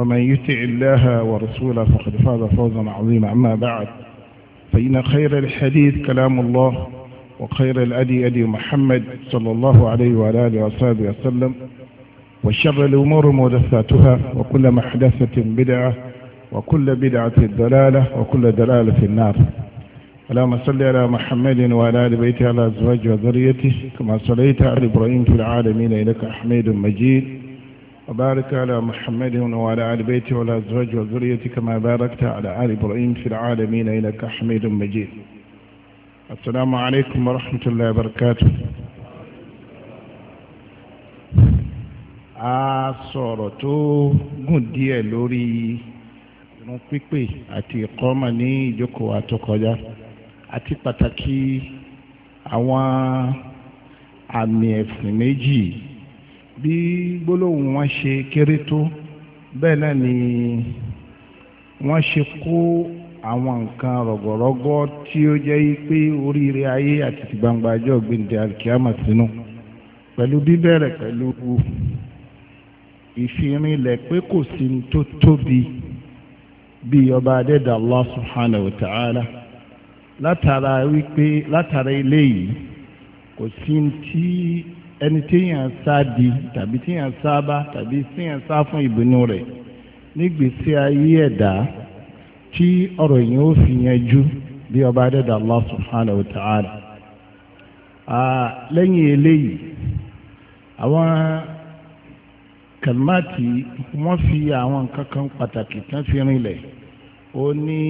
ومن يطع الله ورسوله فقد فاز فوزا عظيما أما بعد فإن خير الحديث كلام الله وخير الأدي أدي محمد صلى الله عليه وعلى آله وصحبه وسلم وشر الأمور محدثاتها وكل محدثة بدعة وكل بدعة ضلالة وكل ضلالة في النار اللهم صل على محمد وعلى آل بيته على أزواجه وذريته كما صليت على إبراهيم في العالمين إنك حميد مجيد وبارك على محمد وعلى آل بيته وعلى أزواجه وذريته كما باركت على آل إبراهيم في العالمين إنك حميد مجيد السلام عليكم ورحمة الله وبركاته a sọ̀rọ̀ tó gùn díẹ̀ lórí irun pípè àti ìkọ́mà ní ìjókòó àtọkọjá bí gbólóhùn wọn ṣe kéré tó bẹ́ẹ̀ náà ni wọ́n ṣe kó àwọn nǹkan rọ̀gọ̀rọ̀gọ̀ tí ó jẹ́ pé oríire ayé àti ti gbangba ọjọ́ gbẹ̀ǹdẹ̀ alkiyama sínú pẹ̀lú bíbẹ̀rẹ̀ pẹ̀lú ìfirinlẹ̀ pé kò sí tó tóbi bí ọba adẹ́dà Allah subhanahu wa ta'ala látara wípé látara eléyìí kò sí tí ẹni téèyàn sá di tàbí téèyàn sá bá tàbí téèyàn sá fún ìbínú rẹ̀ nígbèsí ayé ẹ̀dá tí ọ̀rọ̀ yẹn ó fi yanjú bí ọba adẹ́dà Allah subhanahu wa ta'ala. lẹ́yìn eléyìí àwọn kàlmáàtì wọ́n fi àwọn nǹkan kan pàtàkì kan fi rinlẹ̀ ó ní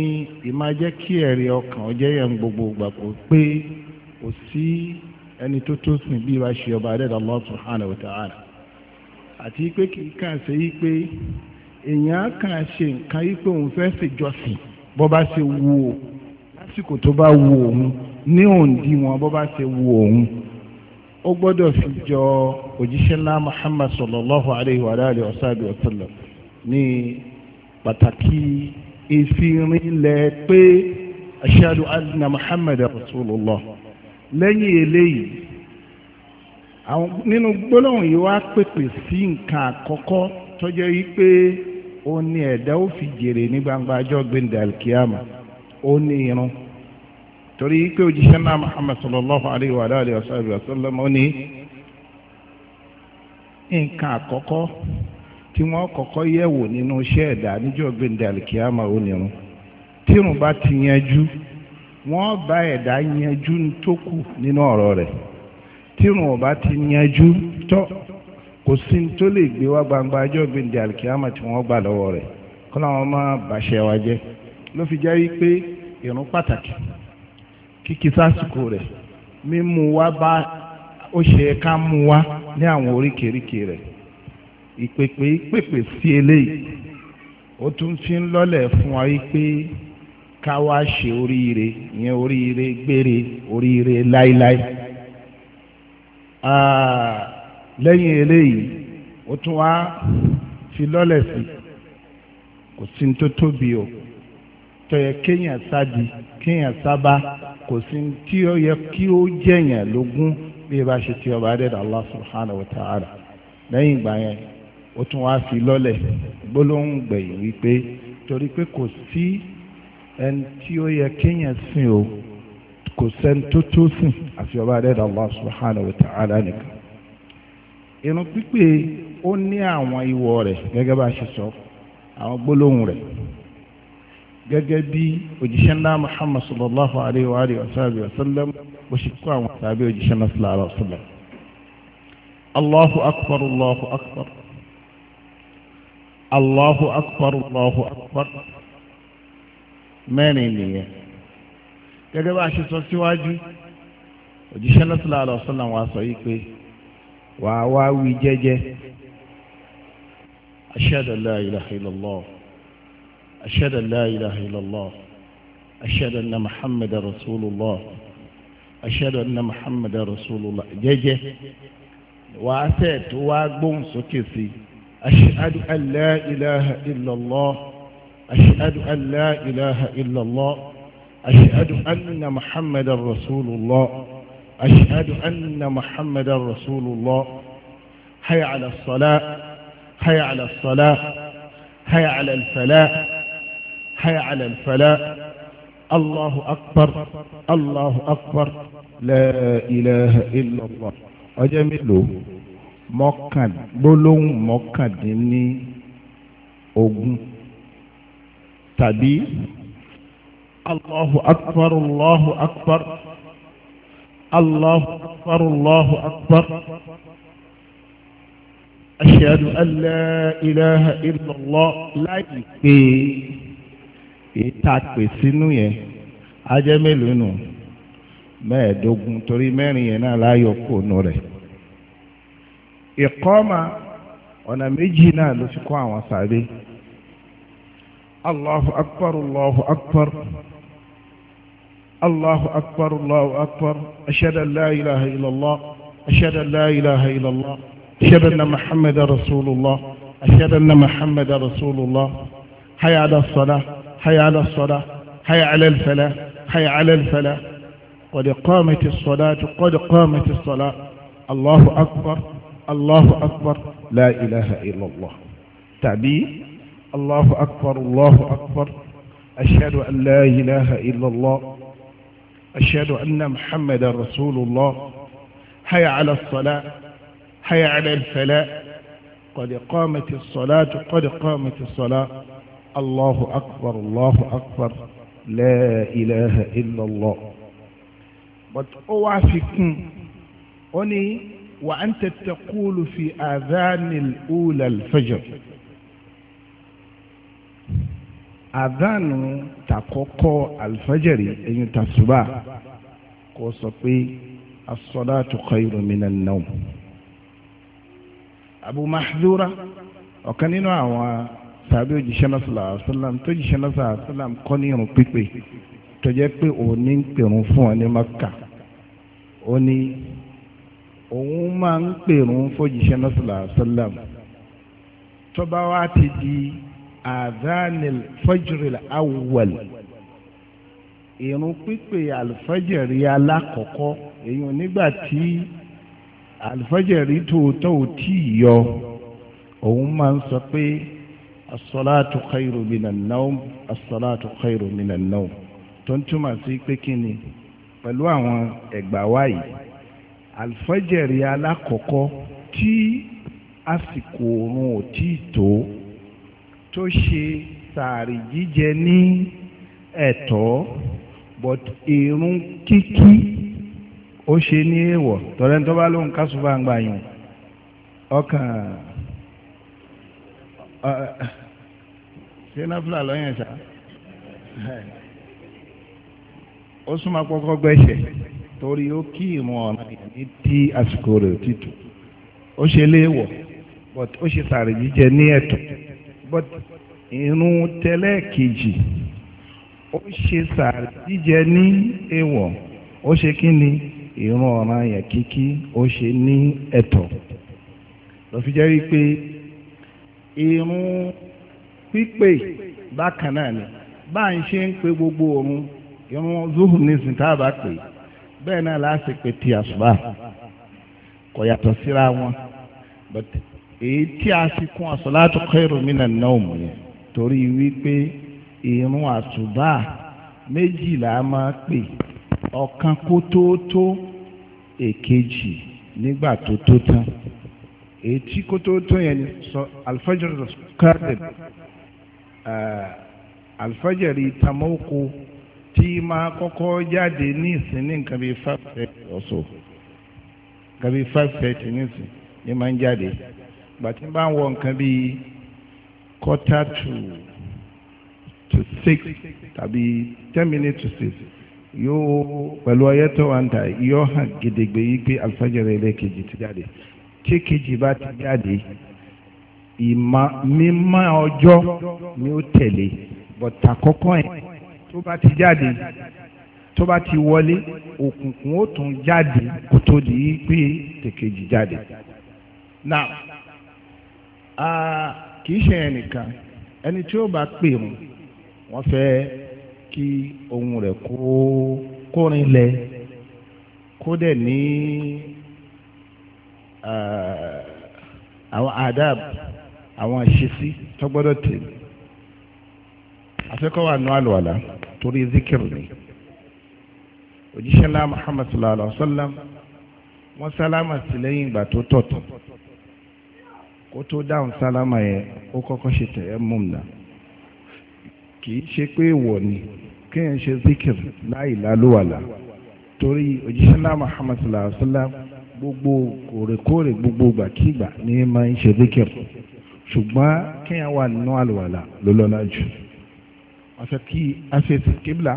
ìmájẹ́ kí ẹ̀rí ọkàn ọjẹ́ yẹn gbogbo gbàgbọ́ pé kò sí ẹni tó tó sìn bí wàá ṣe ọba adẹ́dà Allah subhanahu wa ta'ala àti pé kì í kàn ṣe yí pé èèyàn kàn ṣe nǹkan yí pé òun fẹ́ ṣèjọsìn bó bá ṣe wù ó lásìkò tó bá wù òun ní òǹdí wọn bó bá ṣe wù òun ó gbọ́dọ̀ fi jọ òjíṣẹ́ ńlá Muhammad sallallahu alayhi wa alihi wa sahbihi wa ní pàtàkì ìfirinlẹ̀ pé ashhadu anna Muhammad rasulullah. lẹ́yìn eléyìí àwọn nínú gbólóhùn yìí wá pèpè sí nǹkan àkọ́kọ́ tó jẹ́ wípé ó ní ẹ̀dá ó fi jèrè ní gbangba ajọ́ gbẹ̀ndàlkíyàmà ó ní irun torí pé òjíṣẹ́ náà sallallahu alayhi wa alayhi wa sallam wa sallam ó ní nǹkan àkọ́kọ́ tí wọ́n kọ́kọ́ yẹ̀ wò nínú iṣẹ́ ẹ̀dá níjọ́ gbẹ̀ndàlkíyàmà ó ní irun tírun bá ti wọn bá ẹ̀dá yanjú ntoku nínú ọ̀rọ̀ rẹ̀ tí wọn bá ti yanjú tọ́ kò sí tó lè gbé wá gbangba ajọ́ gbèǹde àlìkíyàmà tí wọ́n gbà rẹ̀ kó làwọn má bàṣẹ wa jẹ́ ló fi jẹ́ wípé pàtàkì kíkí sásìkò mímú bá ó ṣe ká mú ní àwọn ìpèpè ìpèpè wípé. ká wá ṣe oríire ìyẹn oríire gbére oríire láíláí ah, lẹ́yìn eléyìí ó tún wá fi lọ́lẹ̀ sí kò sí ní tó tóbi o tó yẹ kéèyàn sádi kéèyàn sábà kò sí tí ó yẹ kí ó jẹ̀yàn lógún bí ẹ bá ṣe ti ọba adẹ́dà Allah subhanahu wa ta'ala lẹ́yìn ìgbà yẹn ó tún wá fi lọ́lẹ̀ gbólóhùn gbẹ̀yìn wípé torí pé kò sí ẹni tí ó yẹ kéèyàn sìn o kò sẹ́ni tó tó sìn àfi ọba adẹ́dàá Allah subhanahu wa ta'ala nìkan irun pípé ó ní àwọn ìwọ rẹ̀ gẹ́gẹ́ bá a ṣe sọ àwọn gbólóhùn rẹ̀ gẹ́gẹ́ bí òjíṣẹ́ ńlá muhammad sallallahu alayhi wa alihi wa sallam bó ṣe kó àwọn tàbí òjíṣẹ́ ńlá sallallahu alayhi wa sallam. allahu akbar allahu akbar allahu akbar allahu akbar mẹ́rin nìyẹn gẹ́gẹ́ bá a ṣe sọ síwájú òjíṣẹ́ lọ́sọ̀lá àlọ́sọ̀lá wa sọ yìí pé wà á wá wí jẹ́jẹ́ ashhadu an la ilaha illallah ashhadu an la ilaha illallah ashhadu anna muhammadar rasulullah ashhadu anna muhammadar rasulullah jẹ́jẹ́ wà á sẹ́ẹ̀ tó wá gbóhùn sókè sí ashhadu an أشهد أن لا إله إلا الله أشهد أن محمد رسول الله أشهد أن محمد رسول الله حي على الصلاة حي على الصلاة حي على الفلاح حي على الفلاح الله أكبر الله أكبر لا إله إلا الله ọjọ́ مكان بلون مكان mọ́kàndínní ogún tàbí allahu akbar allahu akbar allahu akbar allahu akbar ashhadu an la ilaha illallah láì pé ìtàpè sínú yẹn ajẹ́ mélòó nù mẹ́ẹ̀ẹ́dógún torí mẹ́rin yẹn náà láyọ̀ kó nù rẹ̀ ìkọ́mà ọ̀nà méjì náà ló fi kọ́ àwọn sáré. الله أكبر الله أكبر الله أكبر الله أكبر أشهد أن لا إله إلا الله أشهد أن لا إله إلا الله أشهد أن محمد رسول الله أشهد أن محمد رسول الله حي على الصلاة حي على الصلاة حي على الفلاح حي على الفلاح قد قامت الصلاة قد قامت الصلاة الله أكبر الله أكبر لا إله إلا الله تعبير الله أكبر الله أكبر أشهد أن لا إله إلا الله أشهد أن محمد رسول الله هيا على الصلاة هيا على الفلاء قد قامت الصلاة قد قامت الصلاة الله أكبر الله أكبر لا إله إلا الله but أني وأنت تقول في آذان الأولى الفجر àdánù tàkọ́kọ́ àlùfájẹ̀rì ẹ̀yìn tàṣùbà kò sọ pé as-salatu khayrun minan nawm. Abu Mahdura ọ̀kan nínú àwọn tàbí òjíṣẹ́ náà sallallahu alaihi wasallam tó jíṣẹ́ náà sallallahu alaihi wasallam kọ́ ní irun pípé tó pé òun ń pèrún fún ọ ní Makka ó òun máa ń pèrún fòjíṣẹ́ náà sallallahu alaihi wasallam tó ti di adhanil fajril awwal ìrun pípé alfajri alákọ̀ọ́kọ́ èèyàn nígbà tí alfajri tòótọ́ ò tí ì yọ òun máa ń sọ pé asọ́láàtú khairu minan naum asọ́láàtú khairu minan naum tó ń túmọ̀ sí pé kí ni pẹ̀lú àwọn ẹ̀gbà wáyé alfajri alákọ̀ọ́kọ́ tí àsìkò oorun ò tí ì tó tó ṣe sàárì jíjẹ ní ẹ̀tọ́ but irun kíkí ó ṣe ní èèwọ̀ tọ́lẹ́ tó bá lóun kásùbà ń gbà yàn ọkàn ṣé náfìlà lọ́yàn ṣá ó súnmọ́ kọ́kọ́ gbẹ̀ṣẹ̀ torí ó kí ìmọ̀ ọ̀nà ní tí àsìkò rẹ̀ títù ó ṣe léèwọ̀ but ó ṣe sàárì jíjẹ ní ẹ̀tọ́ but irun tẹ́lẹ̀ kejì ó ṣe sàárì jíjẹ ní èèwọ̀ ó ṣe kí ni irun ọ̀ràn yẹn kíkí ó ṣe ní ẹ̀tọ́ lọ́fi jẹ́ wípé irun pípé bákan náà ni bá ń ṣe ń pe gbogbo òun irun zuhu nísìn tá pè bẹ́ẹ̀ náà láti pe ti àṣùbà kò síra wọn but èyí tí a fi kún as-salatu khairu minan nawm yẹn torí wípé ìrun àsùbá méjìlá máa pè ọ̀kan kó tó tó èkejì nígbà tó tó tán èyí tí kó tó tó yẹn sọ alfajr kárẹ̀ alfajr tamoko tí máa kọ́kọ́ jáde ní ìsinmi nǹkan bíi five thirty ọ̀sọ̀ nǹkan bíi five thirty ní ìsìn ní máa ń jáde gbàtí bá ń wọ nǹkan bíi quarter to to six tàbí ten minutes to six yóò pẹ̀lú ọyẹ́ tó wà ń ta yóò hàn gedegbe yìí pé alifájẹrẹ ẹlẹ́ẹ̀kejì ti jáde tí kejì bá ti jáde ìmọ̀ mímọ́ ọjọ́ ni ó tẹ̀lé bọ̀tà kọ́kọ́ yẹn tó bá ti jáde tó bá ti wọlé òkùnkùn ó tún jáde kó tó di pé tèkejì jáde. now kì í ṣe ẹnìkan ẹni tí ó bá pè wọn wọ́n fẹ́ kí ohun rẹ̀ kó kórin lẹ kó dẹ̀ ní àwọn adab àwọn àṣesí tó gbọ́dọ̀ tèmi afẹ́kọ̀ọ́ wa nù àlùwàlà torí zikir ni òjíṣẹ́ ńlá muhammad sallallahu alaihi wa sallam wọ́n sálámà sí lẹ́yìn ìgbà tó tọ̀tọ̀. kó tó dáhùn sálámà yẹn ó kọ́kọ́ ṣe tayammum náà kì í ṣe pé wọ̀ ni kéèyàn ṣe zikir láì lálùwàlà torí òjíṣẹ́ náà Muhammad sallallahu alaihi wa sallam gbogbo kòrèkòrè gbogbo gbàkígbà ní ma ń ṣe zikir ṣùgbọ́n kéèyàn wà nínú àlùwàlà ló lọ́lá jù wọ́n fẹ́ kí a ṣe ti kébìlà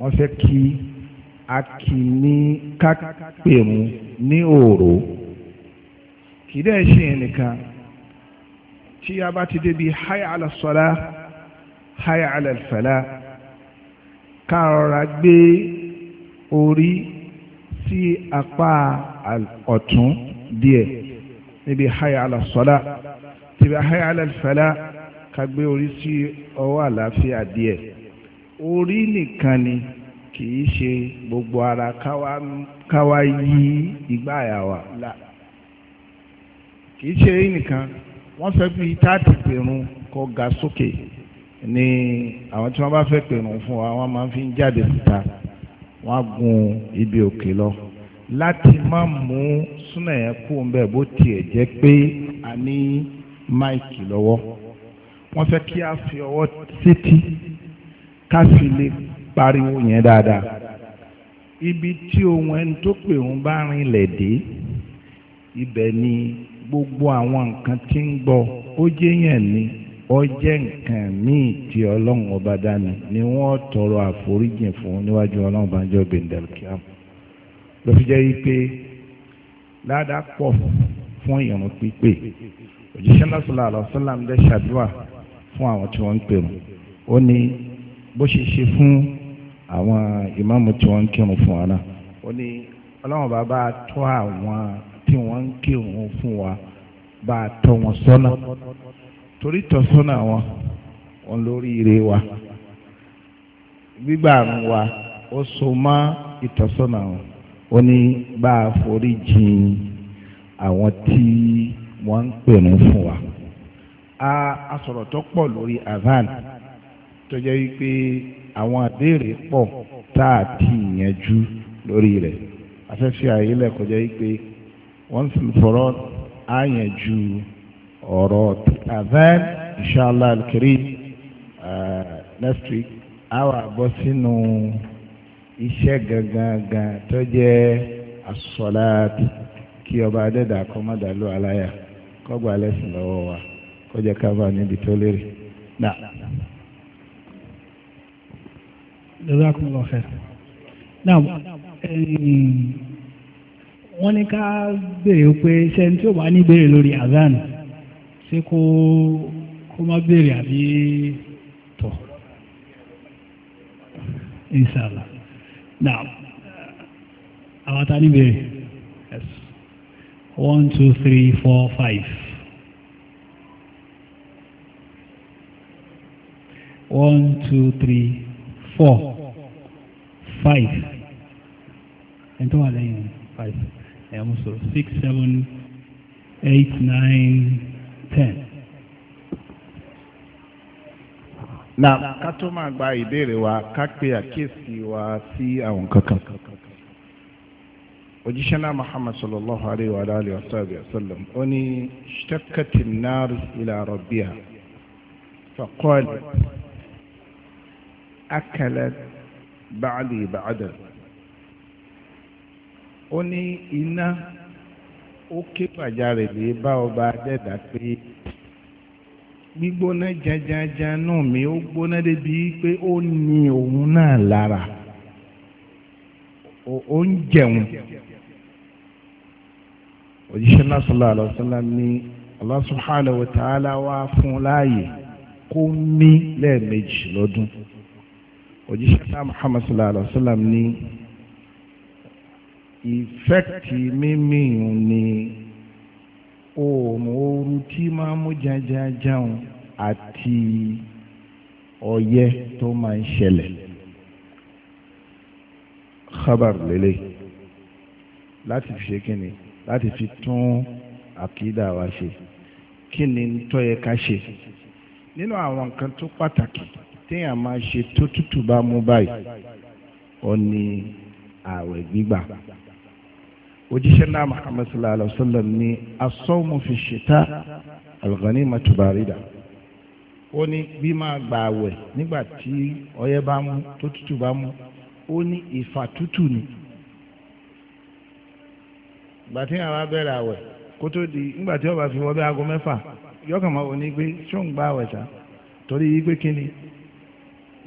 wọ́n fẹ́ kí a kì í ní ká ní kì í dẹ́ ṣe nìkan tí a bá ti débi hayya ala sọlá hayya ala fẹlá ká rọra gbé orí sí apá ọ̀tún díẹ̀ níbi hayya ala sọlá tìbí hayya ala fẹlá ká gbé orí sí ọwọ́ àlàáfíà díẹ̀ orí nìkan ni kì í ṣe gbogbo ara káwa yí igbá àyà wa kìí ṣe nìkan wọ́n fẹ́ bí táàtì pèrún kọ́ ga sókè ní àwọn tí wọ́n bá fẹ́ pèrún fún wa wọ́n máa fi ń jáde síta wọ́n á gun ibi òkè lọ láti má mú súnà yẹn kú ńbẹ bó tiẹ̀ jẹ́ pé a ní máìkì lọ́wọ́ wọ́n fẹ́ kí a fi ọwọ́ sétí ká fi lè pariwo yẹn dáadáa ibi tí ohun ẹni tó pè ń bá rinlẹ̀ dé ibẹ̀ ni gbogbo àwọn nǹkan tí ń gbọ́ ó jẹ́ yẹn ni ó jẹ́ nǹkan míì tí ọlọ́run ọba dání ni wọ́n tọrọ àforíjìn fún níwájú ọlọ́run ọba jọ ló fi jẹ́ pé ládàá pọ̀ fún ìrun pípé òjíṣẹ́ lọ́sọ̀lá àlọ́sọ́lá ń ṣàdúrà fún àwọn tí wọ́n ń pèrò ó ní bó ṣe ṣe fún àwọn ìmáàmù tí wọ́n ń kírun fún wa náà ó ní ọlọ́run bàbá tó àwọn tí wọ́n ń kírun fún wa bá a tọ́ wọn sọ́nà torí tọ́sọ́nà wọn wọn lórí wa gbígbà àrùn wa ó so mọ́ ìtọ́sọ́nà wọn ó ní bá a forí jìn àwọn tí wọ́n ń pèrún fún wa a asọ̀rọ̀ tó pọ̀ lórí avan tó jẹ́ wípé àwọn àbẹ̀rẹ̀ pọ̀ tá a ti yanjú lórí rẹ̀ afẹ́fẹ́ àyílẹ̀ kọjá wípé wọ́n sì fọ̀rọ̀ àyànjú ọ̀rọ̀ azan inshallah al-karim uh, next week àwa bọ́ sínú iṣẹ́ gangan tó jẹ́ as-salat kí ọba adẹ́dà kọ́mọ́dàlú aláyà kọ́gbà lẹ́sìn lọ́wọ́ wa kọjá kábà níbi tó lérè. Jazakumullahu khair. Naam wọ́n ní ká béèrè pé ṣe tí ó bá ní béèrè lórí azan ṣé kó kó má béèrè àbí tọ̀ inshallah now àwọn ta ní béèrè yes one two three four five. one two three four five ẹni tó wà lẹ́yìn five ẹ̀ mú sọ̀rọ̀ six seven eight nine ten. na ká tó máa gba ìbéèrè wa ká pe àkíyèsí wa sí àwọn kankan òjíṣẹ́ náà muhammad sallallahu alayhi wa alayhi wa sallam ó ní ṣtakati nnar ila rabbiha faqal akalat ba'di ba'da ó ní iná ó ké pàjáre lè bá ọba adẹ́dà pé gbígbóná jajaja náà mi ó gbóná débi pé ó ní òun náà lára ó ń jẹun òjíṣẹ́ náà sallallahu alaihi wasallam ní Allah subhanahu wa ta'ala wá fún láàyè kó mí lẹ́ẹ̀mejì lọ́dún òjíṣẹ́ náà Muhammad sallallahu alaihi wasallam ní ìfẹ́kì mímì ni oòrùn ooru tí máa mú jajajáun àti ọyẹ́ tó máa ń ṣẹlẹ̀ khabar lélẹ̀ láti fi ṣe kíni láti fi tún àkídà wa ṣe kíni tó yẹ ká ṣe nínú àwọn nǹkan tó pàtàkì téèyàn máa ṣe tó tútù bá mú báyìí ó ní ààwẹ̀ gbígbà òjíṣẹ́ náà muhammad sallallahu alayhi wa sallam ní asọ́mu fi ṣìta alghani matubarida ó ní bí máa gbà àwẹ̀ nígbà tí ọyẹ́ bá mú tó tútù bá mú ó ní ìfà tútù ni ìgbà tí àwọn abẹ́rẹ́ àwẹ̀ kó tó di nígbà tí ọba fi wọ́n aago mẹ́fà yọkàn máa wò ní pé ṣó ń gbà àwẹ̀ ṣá torí yí pé kí ni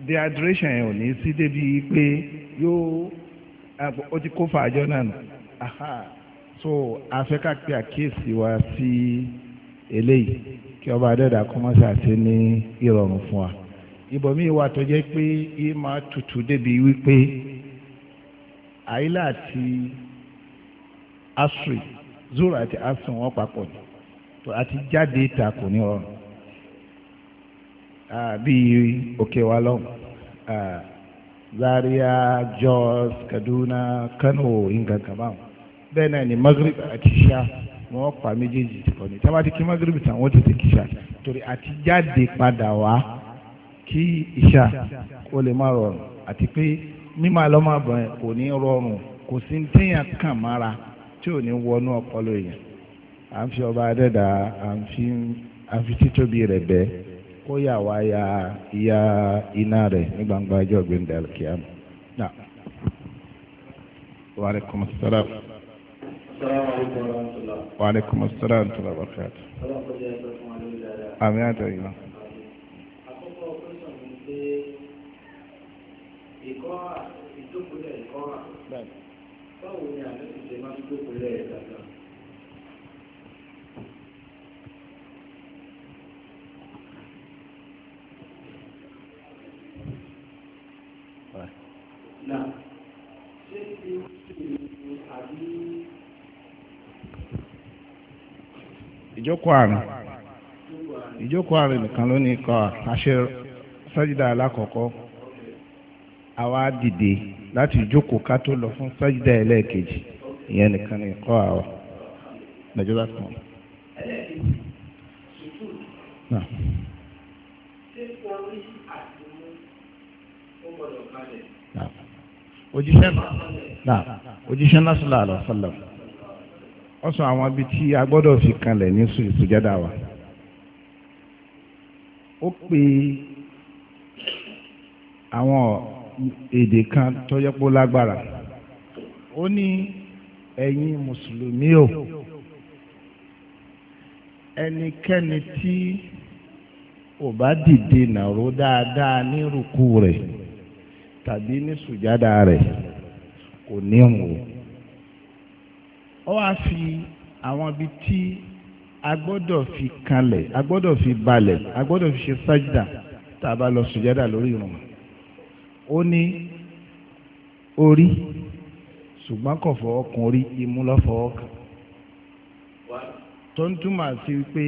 dehydration yẹn ò ní sí débi pé yóò ó ti kó fàájọ náà nù aha so afẹ́ká pé àkíyèsí wa sí eléyìí kí ọba adẹ́dà kọ́mọ́sí àti ní ìrọ̀rùn fún wa ibòmí wa tó jẹ́ pé yìí máa tutù débi wípé àyílà àti asri zoro àti asri wọn papọ̀ ni tó àti jáde ìta kò ní ọrùn bíi òkè wa lọ́hùn Zaria Jos Kaduna Kano nǹkan kan báwọn bẹ́ẹ̀ náà ni magrib àti ṣá wọ́n pa méjèèjì tìkọ́ ni tábà ti kí magrib tán wọ́n tètè kí ṣá torí àti jáde padà wá kí ìṣá kó lè má rọrùn àti pé mímọ́ àlọ́mọ́bọ̀ yẹn kò ní rọrùn kò sí téèyàn kàn mára tí ò ní wọnú ọpọlọ èèyàn à ń fi ọba adẹ́dà à ń fi títóbi rẹ̀ bẹ́ẹ̀ kó yà wá ya ya iná rẹ̀ ní gbangba ẹjọ́ gbẹ̀ndẹ̀ kíámù. Wa alaikum assalam. السلام عليكم ورحمة الله وعليكم السلام ورحمة الله وبركاته السلام عليكم ورحمة الله Thank you. ìjókòó àrùn ìjókòó àrùn nìkan ló ní ikọ̀ àṣẹ sájídà alákọ̀ọ́kọ́ àwa dìde láti ìjókòó ká tó lọ fún sájídà ẹlẹ́ẹ̀kejì ìyẹn nìkan ní ikọ̀ àwọ̀ nàìjíríà kan. òjíṣẹ́ náà òjíṣẹ́ náà sallallahu alaihi wasallam ó sọ àwọn ibi tí a gbọ́dọ̀ fi kanlẹ̀ ní sùjádà wa ó pe àwọn èdè kan tó yẹ kó lágbára ó ní ẹ̀yin mùsùlùmí o ẹnikẹ́ni tí ò bá dìde nàró dáadáa ní rúkú rẹ̀ tàbí ní sùjádà rẹ̀ kò ní òun o ó wá fi àwọn ibi tí a gbọ́dọ̀ fi kanlẹ̀ a gbọ́dọ̀ fi balẹ̀ a gbọ́dọ̀ fi ṣe sájìdà tá a bá lọ sùjádà lórí ìrun ó ní orí ṣùgbọ́n kò fọwọ́ kan orí imú ló fọwọ́ kan tó ń túmọ̀ sí pé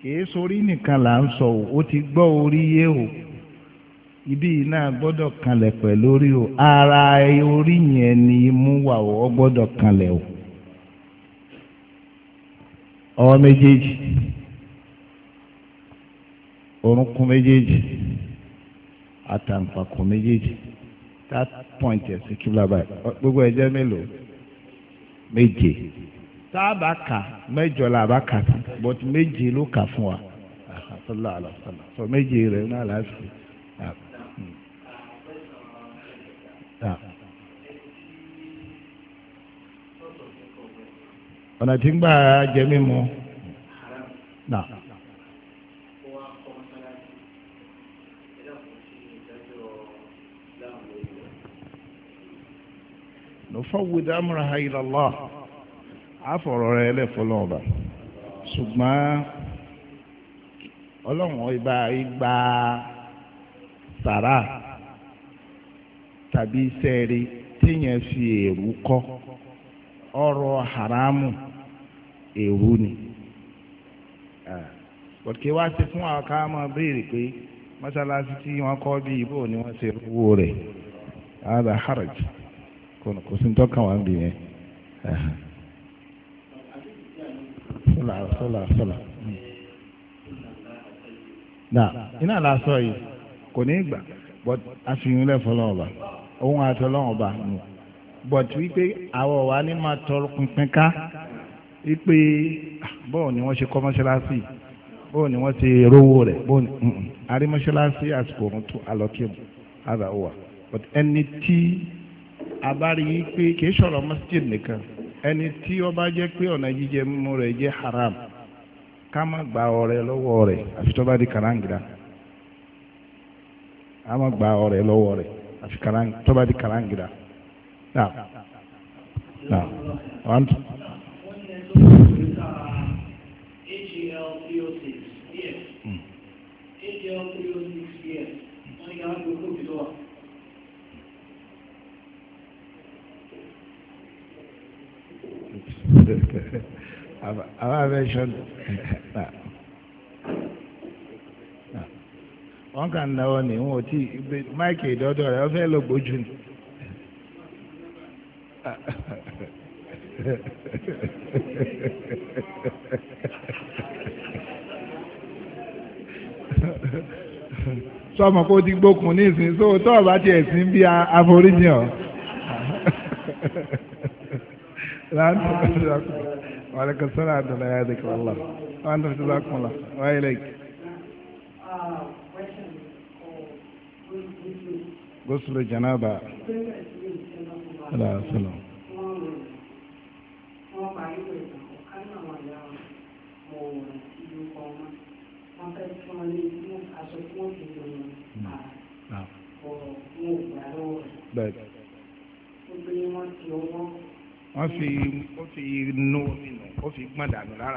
kìí sórí nìkan là ń sọ o ó ti gbọ́ orí yé o ibi náà gbọ́dọ̀ kanlẹ̀ pẹ̀lú orí o ara orí yẹn ni imú wà o ó gbọ́dọ̀ kanlẹ̀ o ọwọ́ méjèèjì orúnkún méjèèjì àtàǹfàkùn méjèèjì that point ẹ̀ sí kíbla báyìí gbogbo ẹ̀ jẹ́ mélòó méje tá a bá kà mẹ́jọ la bá kà sí but méje ló kà fún wa sallallahu alaihi wasallam so méje rẹ̀ náà láti fi. ọ̀nà tí ń gbà jẹ mímu àfọ̀rọ̀ rẹ̀ ṣùgbọ́n ọlọ́run ìgbà ìgbà sàrà tàbí sẹ́ẹ̀rì tíyẹn fi èrú kọ́ ọ̀rọ̀ haramu. èrú ni pọ̀tùkì wá sí fún àwọn ká béèrè pé mọ́sálásí tí wọ́n kọ́ bí ibò ni wọ́n ṣe rówó rẹ̀ ada haraj kò sí tó wá ń yẹn. sọlá sọlá sọlá. na iná yìí kò ní gbà but àfihàn lẹ́fọ́ lọ́wọ́ òun àti ọlọ́wọ́ nù but wípé àwọ̀ wa ni máa tọrọ ká. ipe ah, bọ́ọ̀ ni wọ́n ṣe kọ́ mọ́ṣáláṣí bọ́ọ̀ ni wọ́n ti rówó rẹ̀ bọ́ọ̀ ni mọ́ṣáláṣí àsìkò òun tó alọ́kẹ́bù but ẹni tí a bá rí i pé kì í ṣọ̀rọ̀ masjid nìkan ẹni tí ó bá jẹ́ pé ọ̀nà jíjẹ mímú rẹ̀ jẹ́ haram ká má gba ọrẹ lọ́wọ́ rẹ̀ àfi tó bá di ká má gba ọrẹ lọ́wọ́ rẹ̀ àfi tó bá di kàráǹgìrá. sell previous six years wọ́n ní káwọn gbogbo òbí lọ́wọ́. àwọn abẹ́ṣọ́ wọ́n kà ń náwó ni wọn ò tí máìkì ìdọ́dọ̀ rẹ̀ wọ́n fẹ́ lọ gbójú ni. Ha ha ha ha. sọmọ kó ti gbókun ní ìsìn so tó ọba tiẹ̀ sí bí àforíjì ọ. وعليكم السلام ورحمة الله يهديك والله وأنت جزاكم الله وإليك غسل جنابة لا سلام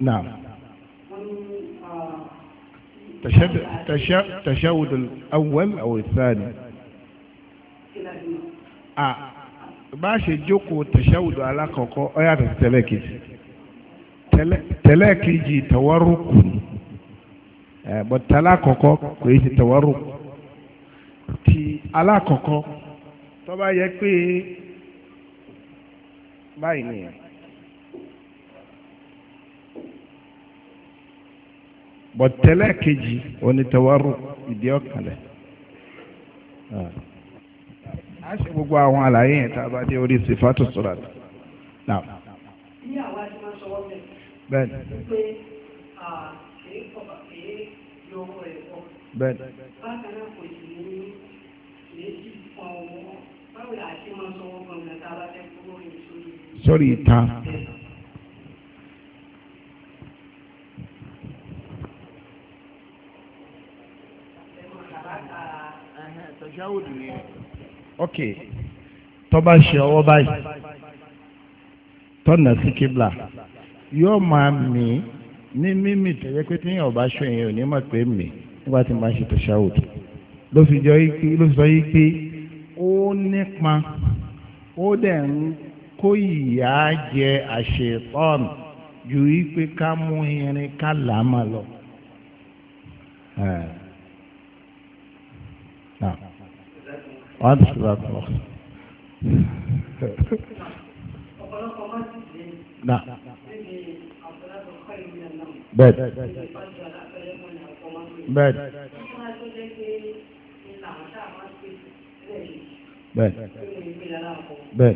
نعم تشهد تشهد الأول أو الثاني آه باشي جوكو تشهد على كوكو أيات التلاكيجي تلاكيجي تورق bọ̀tálá kọ̀kọ́ kò yí ti tẹ̀wọ́rò ti alákọ̀ọ́kọ́ tó bá yẹ pé bọ̀tẹ́lẹ̀ kejì onítẹ̀wárò ìdí ọ̀kàlẹ̀. a ṣe gbogbo àwọn àlàyé yẹn tá a bá dé orí sifatu surat. ní àwa ti máa sọ wọ́pẹ̀. bẹ́ẹ̀ni. pé kìí kọ̀ọ̀bà kìí yọ ọkọ rẹ̀ kọ. bẹ́ẹ̀ni. bákan náà kò sì ní méjì kan owó báwo la ṣe máa sọ wọ́pẹ̀ nígbà tá a bá fẹ́ kúrò ní sórí. sórí ìta. ok tó bá ṣe ọwọ́ báyìí tọ́nà sí kíbla yóò máa mì ní mímì tẹ̀yẹ pé tí yóò bá ṣe èèyàn ò ní mọ̀ pé mì nígbà tí máa ṣe tàṣáwòdù ló fi jọ yí ló sọ yí pé ó nípa ó dẹ̀ ń kó ìyà jẹ àṣetọ́nù ju yí pé ká mú irin ká làá máa lọ. wọ́n ti ṣùgbọ́n àpò. ọ̀pọ̀lọpọ̀ máa ti ṣe bẹ́ẹ̀ bẹ́ẹ̀ bẹ́ẹ̀ bẹ́ẹ̀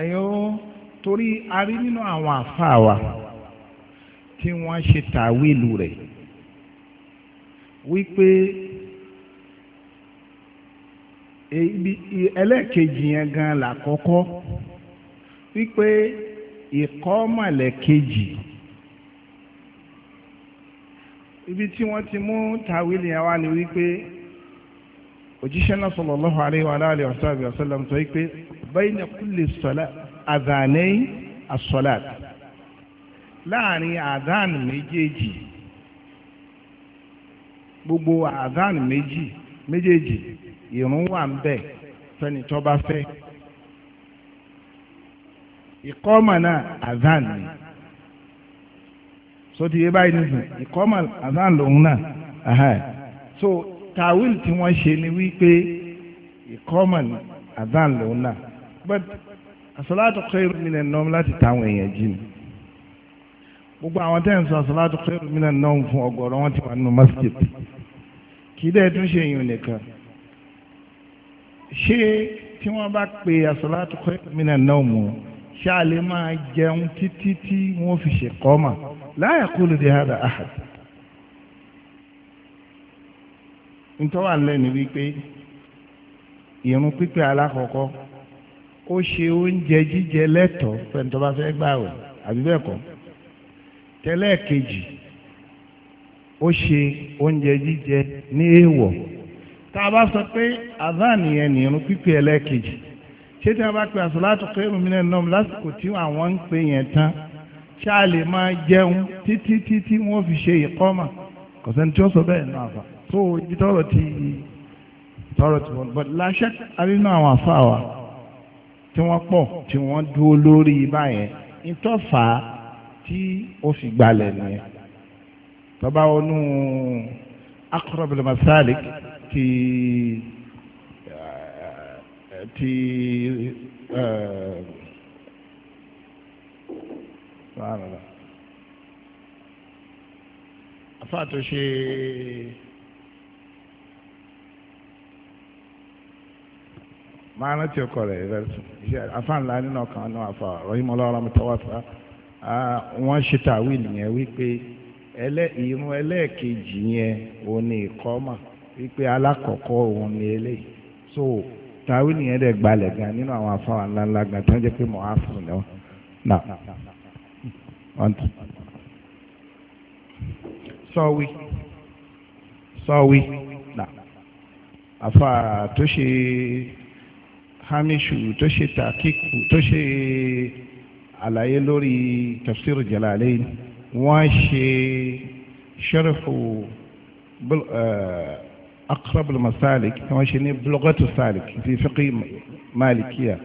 ẹ̀yin ó torí a rí nínú àwọn àfáà wa tí wọ́n ṣe tàwílù rẹ̀ wípé ẹlẹ́ẹ̀kejì yẹn gan làkọ́kọ́ wípé ìkọ́mọ̀lẹ́kejì ibi tí wọ́n ti mú tàwílù yẹn wá ni wípé òjíṣẹ́ náà sallallahu alaihi wa alihi wa sallam sọ wípé bayna kulli salat adhanay as-salat láàrin adhan méjèèjì gbogbo adhan méjì méjèèjì ìrun wà ń bẹ fẹ́ni tó bá fẹ́ ìkọ́mà náà adhan ni so ti yé báyìí nìsín ìkọ́mà adhan lòun náà so tawil tí wọ́n ṣe ni wípé ìkọ́mà adhan lòun náà but àsọlátù khairu minan nawm láti táwọn èèyàn jí ni gbogbo àwọn tẹ́ ń sọ àsọlátù khairu minan nawm fún ọgọ́rọ̀ wọn ti wà nínú masjid kì í dẹ́ tún ṣe èèyàn nìkan ṣé tí wọ́n bá pe àsọlátù khairu minan nawm mu ṣé a lè máa jẹun títí tí wọ́n fi ṣe kọ́mà la yaqulu bi hada ahad ntọ́wà lẹ́nu wípé ìrún pípẹ́ alákọ̀ọ́kọ́ ó ṣe oúnjẹ jíjẹ lẹ́tọ̀ọ́ fẹ́ni tó bá fẹ́ gbààwẹ̀ àbí bẹ́ẹ̀ kọ́ tẹ́lẹ̀ kejì ó ṣe oúnjẹ jíjẹ ní èèwọ̀ tá a bá sọ pé azan yẹn nìyẹn pípé ẹlẹ́ẹ̀kejì ṣé tí wọ́n bá pe àsọ̀láàtò kẹ́rù mi náà lásìkò tí àwọn ń pè yẹn tán ṣá lè máa jẹun títí títí wọ́n fi ṣe ìkọ́mà kò tí ó sọ bẹ́ẹ̀ náà fà so ibi tọrọ ti tọrọ ti wọn bọ̀ láṣẹ àbí àwọn àfa wa tí wọ́n pọ̀ tí wọ́n dúró lórí báyẹn ìtọ́fà tí ó fi gbalẹ̀ nìyẹn tọ́ba onú akọrọ̀bìlì masalik ti eh, ti afa eh, tó ṣe. máa rántí ọkọ rẹ̀ rẹ̀sùn iṣẹ́ afáǹlá nínú ọkàn náà ọrụ rọ́yìnmọ́ mi wípé irun yẹn òun ni wípé òun ni eléyìí so gan nínú àwọn gan tó ń pé á fún un afa tó ṣe. hamishu tó ṣe takiku tó ṣe àlàyé lórí tafsir jalalain wọ́n ṣe sharhu eh, akrab masalik wọ́n ṣe ní bulogatu salik fi fiqi malikiya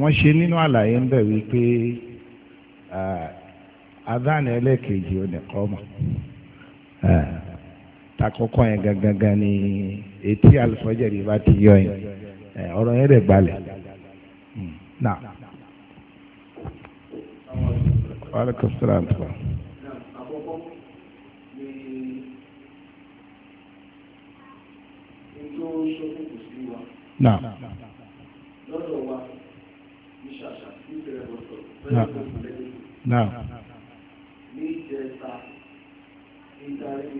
wọ́n ṣe nínú àlàyé ń bẹ̀ wípé eh, adán ẹlẹ́ẹ̀kejì ò ní kọ́ eh, takọ́kọ́ yẹn gangan ni etí alifọ́jẹ́ rí bá ti yọ yẹn ọ̀rọ̀ yẹn dẹ̀ gbalẹ̀. Hmm. na alaikum salaam tuba. na. lọ́dọ̀ ní ìjẹta ìdarí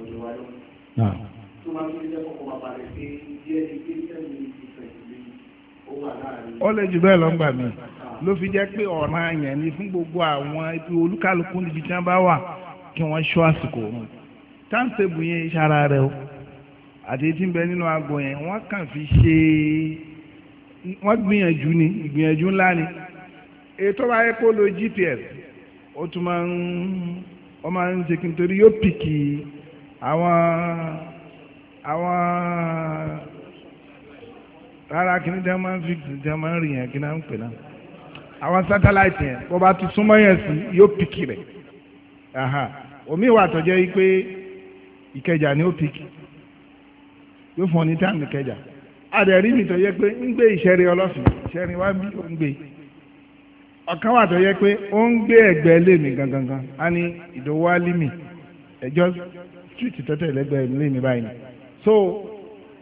ọ̀dọ̀ wa náà. tó máa tún jẹ́ kọ́kọ́ máa balẹ̀ pé díẹ̀ ní pé sẹ́mi ìfẹ̀sìlẹ̀ ó wà láàrin. ó lè jù bẹ́ẹ̀ lọ gbà ló fi jẹ́ pé ọ̀ràn àyàn ni fún gbogbo àwọn ibi olúkálukú níbi tí wọ́n bá wà kí wọ́n ṣọ́ àsìkò òun táǹtẹ̀bù yẹn ṣara rẹ o àti tí ń bẹ nínú aago yẹn wọ́n kàn fi ṣe wọ́n gbìyànjú ni ìgbìyànjú ńlá ni ètò bá yẹ kó lo GPS ó tún máa ń ó máa ń ṣe kí n torí yóò pìkì àwọn àwọn rárá kíní tẹ́ máa ń fi tẹ́ máa ń rìn yẹn kí náà ń pè náà àwọn omi ìwà àtọ̀jẹ́ yìí pé ìkẹjà ni ó pìkì yóò fún ọ ní táàmù ìkẹjà àdẹ̀rí mi tọ́jẹ́ pé ń gbé ìṣẹ́rí ọlọ́sìn ìṣẹ́rí wá bí ó ń gbé ọ̀kan wà tọ́jẹ́ pé ó ń gangan a ní ìdòwò álímì street tọ́tẹ̀ lẹ́gbẹ̀ẹ́ ilé mi báyìí so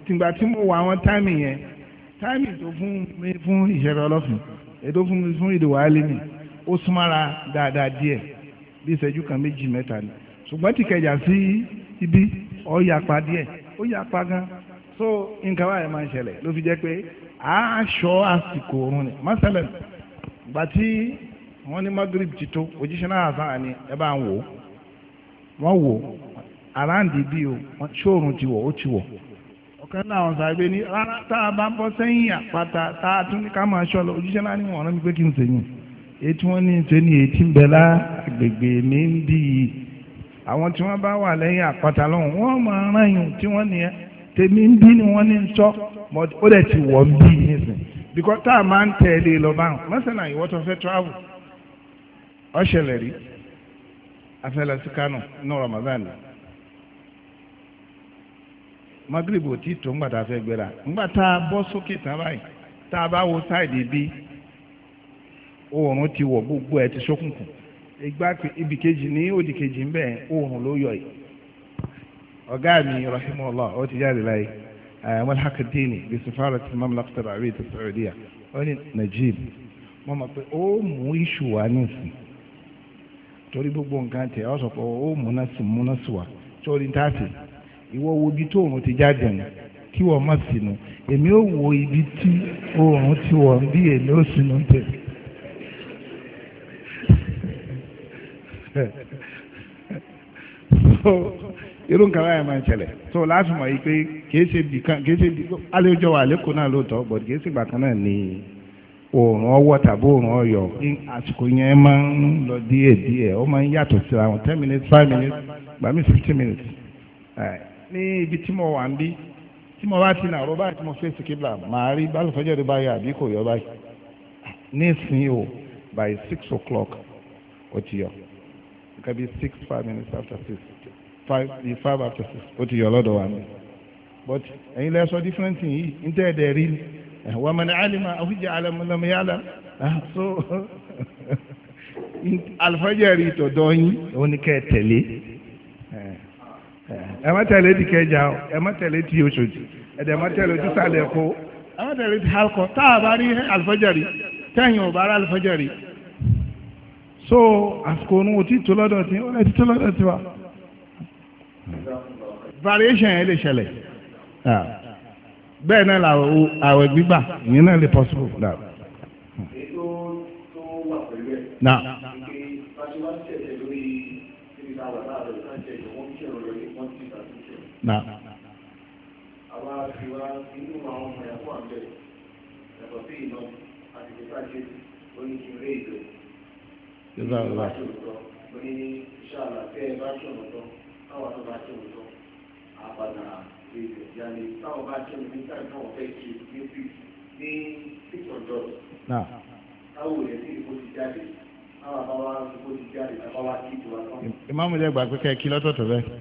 tìgbà tí mo wà àwọn táìmì yẹn táìmì tó fún mi fún ìṣẹ̀rẹ̀ ọlọ́fin ètò fún mi fún ìdìwọ̀ alẹ́mi ó súnmọ́ra dáadáa díẹ̀ bí ìṣẹ́jú kan méjì mẹ́ta ni ṣùgbọ́n ti kẹjà sí ibi ó yapa díẹ̀ ó yapa gan so nǹkan báyìí máa ń ṣẹlẹ̀ ló fi jẹ́ pé aṣọ àsìkò oorun ni masalan ìgbà tí wọ́n ní magrib ti tó òjíṣẹ́ náà sàn ni ẹ bá ń wò wọ́n wò àráǹdì bí o ṣóòrùn ti wọ̀ ó ti wọ̀ ọ̀kan náà àwọn sàbẹ̀ taa rárá tá a bá bọ́ sẹ́yìn àpáta tá a tún ní ká máa ṣọ́ ojúṣe náà ni wọ́n rán mi pé kí n sèyìn wọ́n ní ṣe ń bẹ mi ń bí i àwọn tí wọ́n bá wà lẹ́yìn àpáta lọ́hùn wọ́n máa rán yùn tí magrib ò tí tó ńgbà tá fẹ́ gbéra ńgbà tá a bọ́ sókè tán a bá wo ti wọ̀ gbogbo ẹ̀ ti ṣókùnkùn ìgbà ibì kejì ní òdì kejì ń bẹ̀ oòrùn ló yọ yìí ọ̀gá mi rahimahullah ó ti jáde láyé àwọn eh, hakadini bí sefara ti mamlakta rabi ti saudiya ó ní najib mo mọ̀ pé ó mú iṣu nísìn torí gbogbo nǹkan tẹ̀ ọ́ sọ pé ó múná ìwọ wo ibi tó òun ti jáde nù kí wọ́n má sínú èmi ò wo ibi tí òun ti wọ̀ bí èmi ò sínú tẹ̀. so irú nǹkan báyìí máa ń ṣẹlẹ̀ so láti mọ̀ yìí pé kìí ṣe bì kan kìí ṣe bì alẹ́jọ́ wà lẹ́kọ̀ọ́ náà lóòótọ́ but kìí ṣe ìgbà kan náà ni oòrùn ọwọ́ tàbí oòrùn ọyọ̀ àsìkò yẹn máa ń lọ díẹ̀ ó máa ń yàtọ̀ síra wọn ten minutes five minutes gbàmí fifteen minutes. All right ní ibi tí mo wà ń bí tí mo bá ti nà ọ̀rọ̀ báyìí tí mo fẹ́ sí kíbla màá rí bálùfẹ́jọ́ rí báyìí àbí kò yọ báyìí nísìnyí o by six o'clock ó ti yọ nǹkan bíi six five minutes after six five bíi five after six ó ti yọ lọ́dọ̀ wa mi but ẹ̀yin lẹ́ sọ different yìí ń tẹ́ ẹ̀dẹ̀ rí wà á mọ̀ ní alima àwùjọ Lamu, yálà so alùfẹ́jọ́ rí tọ̀dọ̀ yín ó ní kẹ́ ẹ tẹ̀lé ẹ má tẹ̀lé ti kẹjà o ẹ má tẹ̀lé ti Òṣòdì ẹ̀dẹ̀ má tẹ̀lé ti sàlẹ̀ kó ẹ má tẹ̀lé ti halkọ tá a bá rí àlùfájàrí tẹ̀yìn ò bá rí àlùfájàrí. so àsìkò òun o tí tó lọ́dọ̀ tí ó lè ti tó lọ́dọ̀ tí wa. variation yẹn lè ṣẹlẹ̀ ah. bẹ́ẹ̀ náà làwọn àwẹ̀ gbígbà ìyẹn náà lè possible. Now. na. àwọn àfihàn inú àwọn ọmọ ẹ̀kọ́ àbẹ̀ ẹ̀kọ́ sí ìlọ àti ìpàdé oníṣiré ìlú. ìlú àwọn àti òótọ́ oní iṣẹ́ àlàfẹ́ bá ṣe òótọ́ káwọn tó bá ṣe òótọ́ àpàdà ìlú ìyàlè táwọn bá ṣe òótọ́ nígbà tí wọ́n fẹ́ ṣe ní bí ní sísọ̀jọ́. táwọn ò yẹ kí ìbò ti jáde ìmáàmù jẹ́ gbà pé kẹ́ kí lọ́tọ̀ọ̀tọ̀ bẹ́ẹ̀.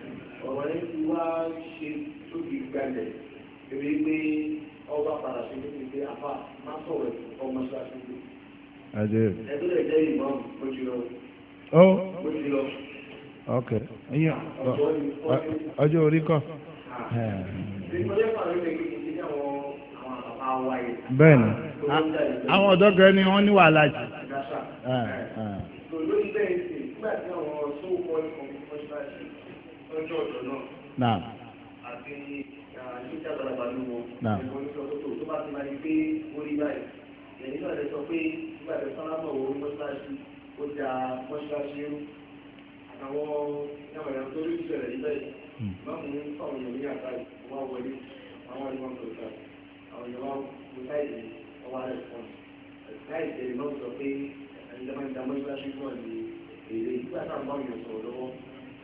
ọ̀rọ̀ yẹn ti wá ṣe tó fi gbalẹ̀ èmi pé ọba padà ṣe lókè pé afa má sọ̀rọ̀ ẹ̀kọ́ mọ́ṣáláṣí lé. ẹgbẹ́ rẹ̀ jẹ́ ìmọ̀ mo ti lọ. mo ti lọ. ok ọjọ́ orí kọ́. Ah. bẹ́ẹ̀ni àwọn ọ̀dọ́ gẹ́ni wọ́n ní wàhálà jù. lórí bẹ́ẹ̀ sì lọ́jọ́ náà. àti yíṣẹ́ àgbàlagbà ló wọ. ẹ̀kọ́ tó bá ti máa di pé ó rí báyìí. ẹ̀yìn náà lè sọ pé nígbà tó sọ́nà mọ̀ wọ́n mọ́ṣáláṣí ó da mọ́ṣáláṣí rú. àtàwọn ìyàwó tó rí ìṣẹ̀lẹ̀ níbẹ̀ máa mú fáwọn èèyàn ní àtàlù wá wọlé àwọn ìwọ̀n tó ta àwọn ìwọ̀n tó ta ìdè ọwọ́ alẹ́ fún un. láì tẹ̀lé máa sọ pé ẹ̀yìn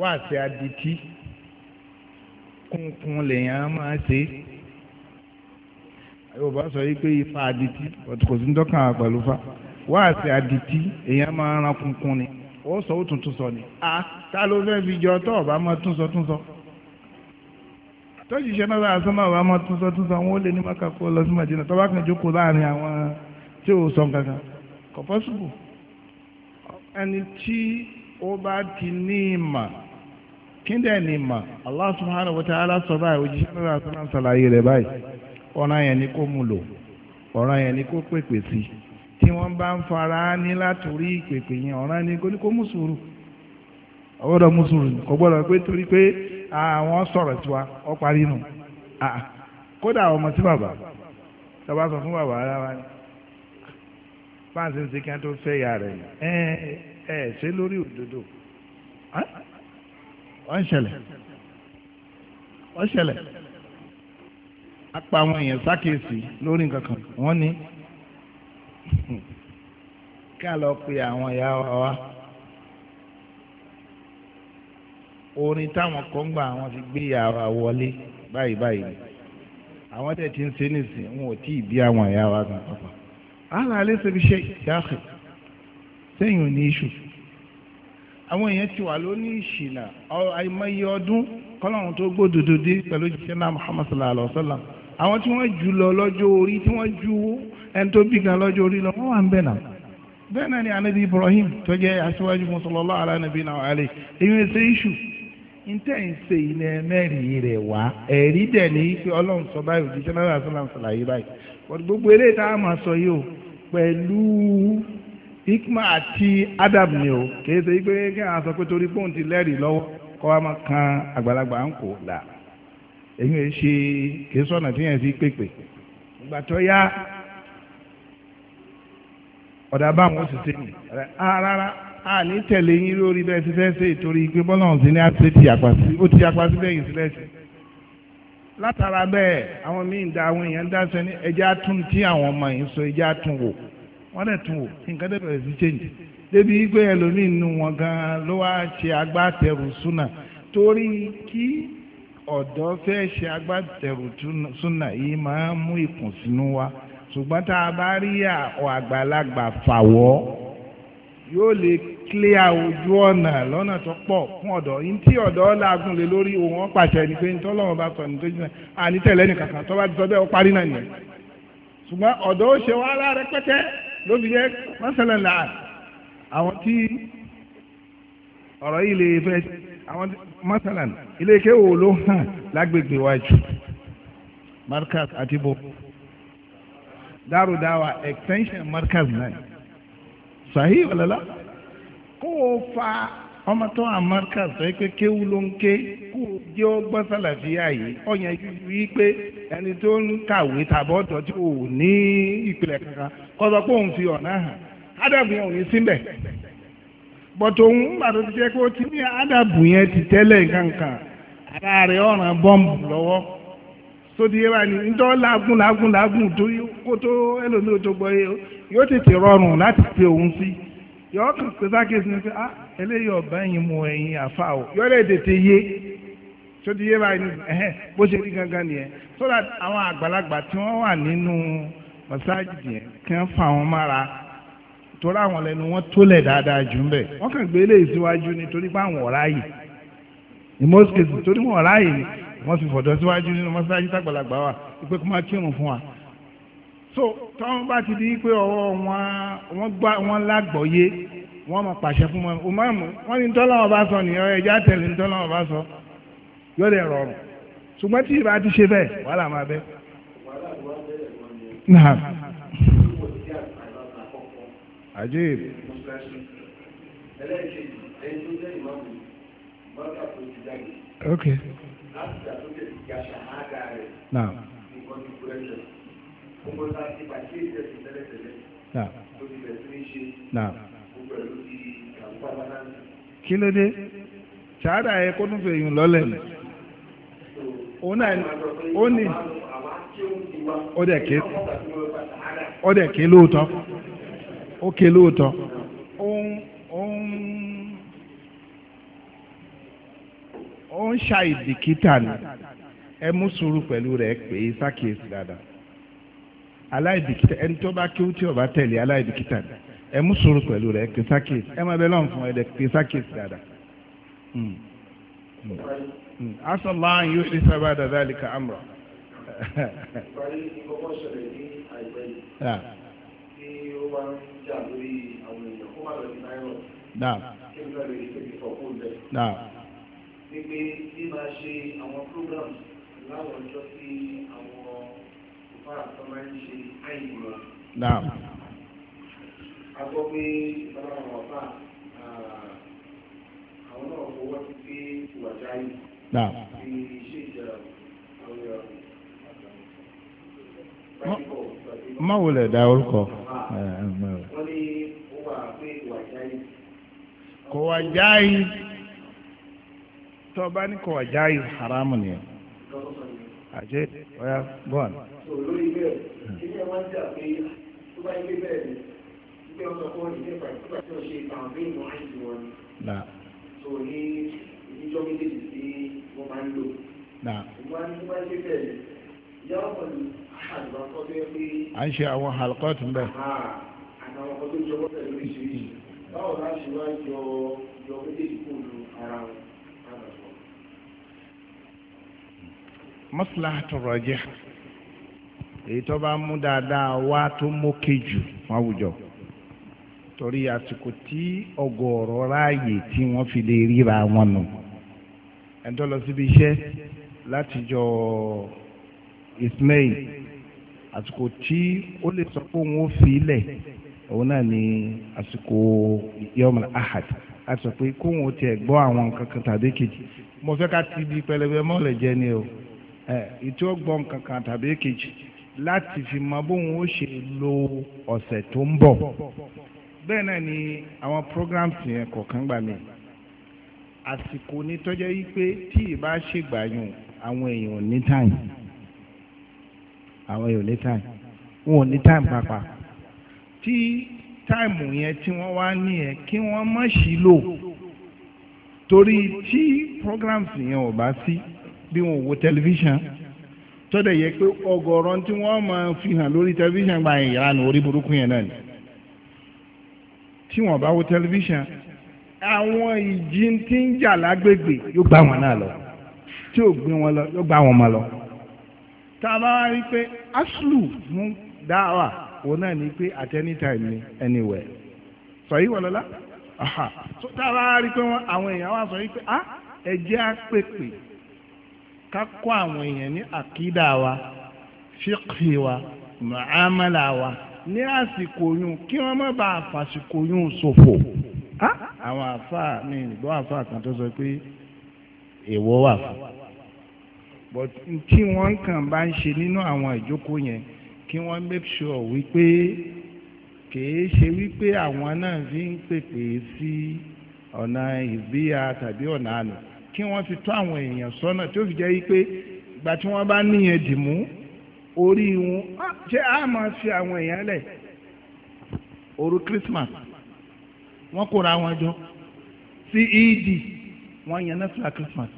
wáàsí adití kúnkún lèèyàn máa ṣe yorùbá sọ yìí pé ifá adití kò sí dọ́kàn pẹ̀lú fa wáàsí adití èèyàn máa ran kúnkún ni ó sọ ó tuntun sọ ni a ta ló fẹ́ fi jọ tọ́ ọ̀bá máa tún sọ tún sọ tọ́jìṣẹ́ náà bá sọ́mọ́ ọ̀bá máa tún sọ tún sọ wọn ó lè ní maka kó lọ sí màdínà tọ́ba kan jókòó láàrin àwọn tí ò sọ kankan kò pọ́sibù ẹni tí ó bá ti ní ìmọ̀. kíndẹ̀ ni ma Allah subhanahu wa ta'ala sọ báyìí òjíṣẹ́ náà sọ náà ṣàlàyé rẹ̀ báyìí ọ̀ràn yẹn ni kó mu lò ọ̀ràn yẹn ni pèpè sí tí wọ́n bá ń fara ní látòrí ìpèpè yẹn ọ̀ràn ni mú sùúrù ọgbọ́dọ̀ mú sùúrù kò gbọ́dọ̀ pé torí pé àwọn sọ̀rọ̀ ọ parí nù kódà ọmọ sí bàbá sọ fún bàbá ara wa ni ń ṣe kí wọ́n tó fẹ́ rẹ̀ ṣe lórí wọ́n ń ṣẹlẹ̀ wọ́n ṣẹlẹ̀ apá àwọn èèyàn sákèsì lórí nǹkan kan wọ́n ní kí a lọ pe àwọn ìyá wa orin táwọn kan gbà àwọn ti gbé ìyá wa wọlé báyìí báyìí àwọn tẹ̀ ti ń ṣe nìsín wọn ò tí ì bí àwọn ìyá wa kan pàpà. àlàálẹ̀ ṣe fi ṣe ìyá àkè sẹ́yìn ò ní iṣu àwọn èèyàn ti wà lóní ìṣìnà àìmọye ọdún kọ́lọ́run tó gbódodo dé pẹ̀lú jíṣẹ́ náà muhammad sallallahu alayhi wa sallam àwọn tí wọ́n jù lọ lọ́jọ́ orí tí wọ́n ju ẹni tó bí gan lọ́jọ́ orí lọ wọ́n wà ń bẹ̀ náà bẹ́ẹ̀ náà ni anabi ibrahim tó jẹ́ aṣíwájú fún sallallahu ala nabina wa alayhi èyí ń ṣe iṣu ntẹ́ ń ṣe iná mẹ́rin rẹ̀ wá ẹ̀rí dẹ̀ ní pé ọlọ́run sọ báyìí òjíṣẹ́ sallallahu alayhi wa sallam sọ hikma àti adab ni o kì í ṣe pé kí àwọn sọ pé torí pọ́ùn ti lẹ́rìí lọ́wọ́ kọ́ wa máa kan àgbàlagbà ń kò là èyí ẹ ṣe kì í sọ̀nà tí yẹn fi pèpè ìgbà tó yá ọ̀dà báwọn ó sì ṣe nì rárá a ní tẹ̀lé yín lórí bẹ́ẹ̀ ti fẹ́ ṣe ìtorí pé bọ́lá ọ̀hún sí ní àti ti àpá sí ó ti àpá sí bẹ́ẹ̀ yìí sílẹ̀ sí látara bẹ́ẹ̀ àwọn míì ń da àwọn èèyàn ń dá sẹ́ni ẹja tún àwọn ọmọ yìí sọ ẹja tún wọ́n dẹ̀ tún wò nǹkan dẹ̀ bẹ̀rẹ̀ sí change débi gbé ẹlòmíì nù wọn gan ló wá ṣe agbátẹrù súnà torí kí ọ̀dọ́ fẹ́ ṣe agbátẹrù súnà yìí máa ń mú ìkùnsínú wá ṣùgbọ́n tá a bá rí àwọn àgbàlagbà fàwọ́ yóò lè clear ojú ọ̀nà lọ́nà tó pọ̀ fún ọ̀dọ́ yìí tí ọ̀dọ́ làágùn lé lórí òun ọ̀pàṣẹ ni pé nítorí ọlọ́run bá sọ ní tó jìnnà àní tẹ̀lé tó bá ti sọ bẹ́ẹ̀ ó parí náà nìyẹn ṣùgbọ́n ọ̀dọ́ ó ṣe wàhálà rẹpẹtẹ lóbi jẹ́ mọ́sálà làá àwọn tí ọ̀rọ̀ yìí lè fẹ́ àwọn mọ́sálà ilé kéwò ló hàn lágbègbè wájú markaz àti bo dárudáwa extension markaz náà sàhí ọ̀lọ́lá kó o fa ọmọ tó amárkà sọ pé kéwú ló ń ké kó jẹ́ ó gbọ́ yìí ọ̀yàn yìí pé ẹni tó ń kàwé tàbọ̀dọ̀ tí ò ní ìpìlẹ̀ kankan kọ́ pé òun fi ọ̀nà hàn ádàbù yẹn ò ní síbẹ̀ bọ̀tò òun bàtò ti jẹ́ pé ó ti ní ádàbù yẹn ti tẹ́lẹ̀ kankan ara rẹ̀ ọ̀ràn bọ́ǹbù lọ́wọ́ sódì yẹn báyìí ńtọ́ lágùn lágùn lágùn tó yọ ọkàn pẹ̀sákèsì ni pé ah eléyìí ọ̀bá yìí mú ẹ̀yìn àfa o yọ lè tètè yé tó yé báyìí ẹ̀hẹ́n bó ṣe rí gangan nìyẹn so that àwọn àgbàlagbà tí wọ́n wà nínú mọ̀sáàjì yẹn kí wọ́n fa wọn mára torí àwọn lẹ́nu wọn tólẹ̀ dáadáa jù ń bẹ̀ wọ́n kàn gbé eléyìí síwájú nítorí pé àwọn ọ̀rá yìí in most cases torí wọn ọ̀rá yìí ni wọ́n ti fọ̀dọ̀ síwájú nínú mọ́sáàjì tàgbàlagbà wa ìpè kó máa kírun fún wa so táwọn bá ti di pé ọwọ́ wọn gbá wọn lágbọ̀ọ́yé wọ́n máa pàṣẹ fún wọn òmàmù wọ́n ní tọ́lọ́wọ́ bá sọ nìyẹn ẹja tẹ̀lé ní tọ́lọ́wọ́ bá sọ yóò lè rọrùn ṣùgbọ́n tí ìbá ti ṣe bẹ́ẹ̀ wàhálà máa bẹ́. ajib. ok. Now. kí ló dé ṣáàdà yẹ kó tún fi èèyàn lọ́lẹ̀ ni ní ó dẹ̀ ké lóòótọ́ ó ké lóòótọ́ òun òun pẹ̀lú rẹ̀ pé sákìyèsí dáadáa. aláìbìkítà ẹni tó bá kí ó tí ó bá tẹ̀lé aláìbìkítà ni ẹ mú sùúrù pẹ̀lú rẹ̀ kí sákèsì ẹ máa bẹ lọ́n fún ẹ dẹ̀ kí sákèsì dáadáa. asọ̀lá yóò ṣe sábà dàda àlìkà àmọ̀. Náà. Náà. Gbígbé bí máa ṣe àwọn programs láwọn ọjọ́ sí àwọn fáà tó máa ń ṣe àìní wọn. Naam. A ah, Naam. Fi ṣe ìjà àwọn ìyàwó. Má wulẹ̀ dá orúkọ. Eh, eh, eh, haramu nìyẹn àṣẹ ọ̀yà bọ́ọ̀nù. olórí bẹ́ẹ̀ ilé ẹ̀ máa ń jà pé tó bá ilé bẹ́ẹ̀ ni ilé ọ̀sán fún ìdílé pàṣípà tí wọ́n ṣe kàmpéyìn wọn àìsí wọn ni. tó ní ìjọ méjèèjì tí wọ́n máa ń lò. ìwọ́n ní tó bá ilé bẹ́ẹ̀ ni ìyá ọ̀pọ̀ ni àṣàlùbá kọ́ tó yẹ pé. à ń ṣe àwọn àlùkọ́ọ̀tù bẹ́ẹ̀. àtàwọn ọkọ̀ tó jọ wọ́pẹ̀ lóríṣiríṣi báwo láṣìwá jọ méjèèjì kò ara wọn. maslahatu rajih èyí tó bá mú dáadáa wá tó mókè jù fún àwùjọ torí àsìkò tí ọ̀gọ̀ọ̀rọ̀ ráàyè tí wọ́n fi lè ríra wọn nù ẹni tó lọ síbi iṣẹ́ látijọ́ ismail àsìkò tí ó lè sọ pé òun ó fi ilẹ̀ òun náà ni àsìkò yọmọlá ahad láti sọ pé kóun ó tiẹ̀ gbọ́ àwọn nǹkan tàbí kejì mo fẹ́ ká ti di pẹlẹbẹ mọ́lẹ̀ ni o ìtí ó gbọ́n kankan tàbí èkejì láti fi mọ bóun ó ṣe lo ọ̀sẹ̀ tó ń bọ̀ bẹ́ẹ̀ náà ni àwọn programs yẹn kọ̀ọ̀kan gbà mí àsìkò ní tọ́jọ́ yìí pé tí ì bá ṣègbàyàn àwọn èèyàn ní time àwọn èèyàn ní time wọn ò ní time pàápàá tí táìmù yẹn tí wọ́n wá ní kí wọ́n má ṣì lò torí tí programs yẹn ò bá sí. Si, bí wọn ò wo tẹlifíṣàn tọ́dẹ̀ yẹ pé ọgọ́rọ̀ tí wọ́n máa fi hàn lórí tẹlifíṣàn gba ìyára ní orí burúkú yẹn náà ni tí wọ́n bá wo tẹlifíṣàn àwọn ìjì tí ń jà lágbègbè yóò gbá wọn náà lọ tí ò gbé wọn lọ yóò gbá wọn mọ lọ tá a bá wá rí pé aṣlù mú dáwà òun náà ní pé at any time ni anywhere sọ yìí wọlọlá tá a bá wá rí pé àwọn èèyàn wá sọ yìí pé ah, ẹ jẹ́ àpèpè ká kọ́ àwọn èèyàn ní àkídà wa fíkì wa mọ̀ámàlà wa ní àsìkò yún kí wọ́n má bàa fàsìkò yún ṣòfò àwọn àfáà mi ìgbọ́ àfáà kan tó sọ pé èèwọ̀ wà fún but tí wọ́n kàn bá ń ṣe nínú àwọn ìjókòó yẹn kí wọ́n make sure wípé kìí ṣe wípé àwọn náà fi ń pèpè sí ọ̀nà ìbíya tàbí ọ̀nà àná kí wọ́n fi tó àwọn èèyàn sọ́nà tí ó fi jẹ́ pé ìgbà tí wọ́n bá níyẹn dì mú orí wọn ah, ṣé a máa fi àwọn èèyàn lẹ̀ òru Christmas wọ́n kóra wọn jọ sí eid wọ́n yẹn náà fìlà Christmas.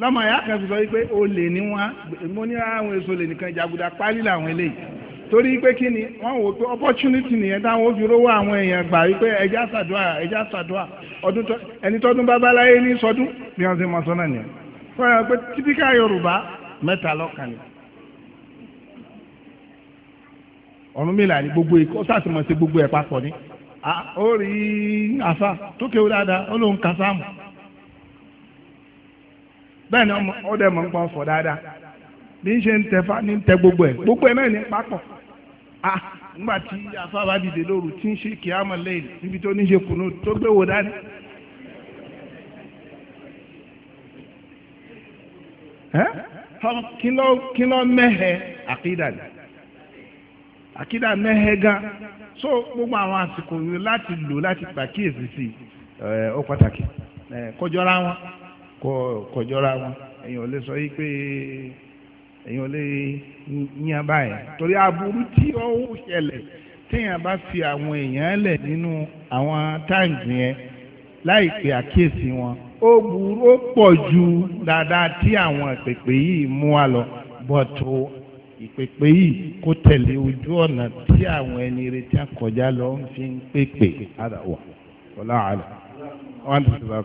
lọ́mọ ìyá kan fi sọ wípé olè ni wọ́n mo ní ah, àwọn èso olè nìkan jàgùdà pálí làwọn eléyìí torí pé kí ni wọ́n wò pé opportunity nìyẹn táwọn ó fi rówó àwọn èèyàn gbà wípé ẹja ṣàdúrà ẹja ṣàdúrà ọdún tó ẹni tọdún babaláyé ní sọdún bí wọ́n ṣe mọ sọ́nà nìyẹn fún ẹ pé típíkà yorùbá mẹ́ta lọ́kàn ni ọ̀run mìlá ni gbogbo ẹ̀ kó sàtìmọ̀ sí gbogbo ẹ̀ papọ̀ ni ó rí àfa tó kéwú dáadáa ó lóun kà sáàmù bẹ́ẹ̀ ni ọdẹ mọ̀ ń pọ̀ fọ̀ dáadáa bí ń ṣe ń tẹ̀fá ní tẹ gbogbo ẹ̀ gbogbo ẹ̀ náà ní papọ̀ ah ńgbà tí afábá dìde lóru tí ń ṣe kíámọ̀ lẹ́yìn níbi tó ní ṣe kùnú tó gbé wò dání. kí ló mẹ́hẹ̀ àkídà ni àkídà mẹ́hẹ̀ gan so gbogbo àwọn àsìkò láti lò láti pàkíyèsí sí ọ pàtàkì kọjọra wọn kọjọra wọn èèyàn ò lè sọ yìí pé èyàn lè yan báyìí torí aburú tí ó ń ṣẹlẹ̀ téèyàn bá fi àwọn èèyàn lẹ̀ nínú àwọn times yẹn láì pè àkíyèsí wọn ó burú ó pọ̀ ju dáadáa tí àwọn ìpèpè yìí mú wa lọ bọ̀tò ìpèpè yìí kó tẹ̀lé ojú ọ̀nà tí àwọn ẹni retí àkọjá lọ ń fi ń pèpè àdàwọ̀ ọ̀làwàlà wọn ti sọ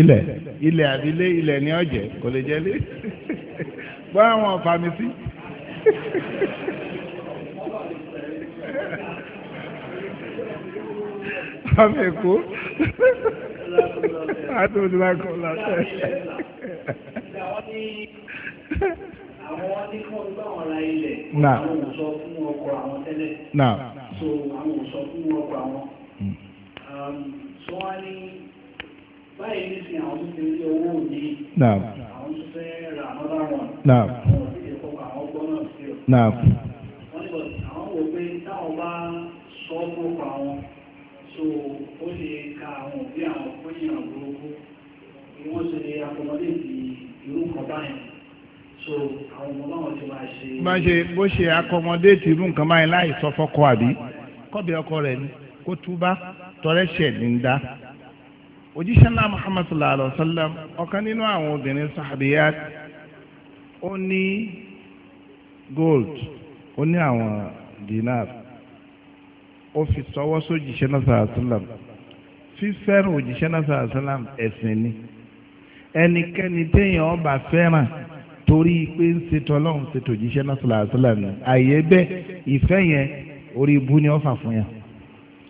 ilẹ̀ ilẹ̀ àbílẹ̀ ilẹ̀ ní ọ̀jẹ̀ kò lè jẹ́ lé bọ́ àwọn fàmìsí. ọmọ èkó àtúntò náà kọ́ lọ́sẹ̀. àwọn ní kọ́ ń bá wọn ilẹ̀ àwọn ò sọ fún ọkọ̀ àwọn tẹ́lẹ̀ so àwọn ò sọ fún ọkọ̀ àwọn. Um, sọ wá ní báyìí ní sin àwọn tó ti rí owó òní àwọn tó fẹ́ ra another one àwọn òbí lè kọ́ àwọn ọgbọ́n náà sí ọ. wọ́n ní bọ̀dọ̀ àwọn wò pé táwọn bá sọ fún ọkọ̀ àwọn so ó lè ka àwọn òbí àwọn fún ìyàn burúkú ni wọ́n ṣe lè akọmọdé ti irú nǹkan báyìí so àwọn ọmọ náà ti máa ṣe. bá ṣe bó ṣe akọmọdé ti irú nǹkan báyìí láì sọ fọ́kọ àbí kọ́bí ọkọ rẹ̀ ni kó túbá tọ́rẹ́ṣẹ̀ ní ń dá òjíṣẹ́ náà Muhammad sallallahu alayhi wa sallam ọ̀kan nínú àwọn obìnrin sahabiyat ó ní gold ó ní àwọn dinar ó fi sọwọ́ sójíṣẹ́ náà sallallahu alayhi wa sallam fífẹ́ràn òjíṣẹ́ náà sallallahu alayhi wa sallam ẹ̀sìn ni ẹnikẹ́ni téèyàn ọba fẹ́ràn torí pé ń ṣètò ọlọ́run ṣètò òjíṣẹ́ náà sallallahu sallam ni bẹ́ẹ̀ ìfẹ́ yẹn orí ibú ni ó fà fún yàn.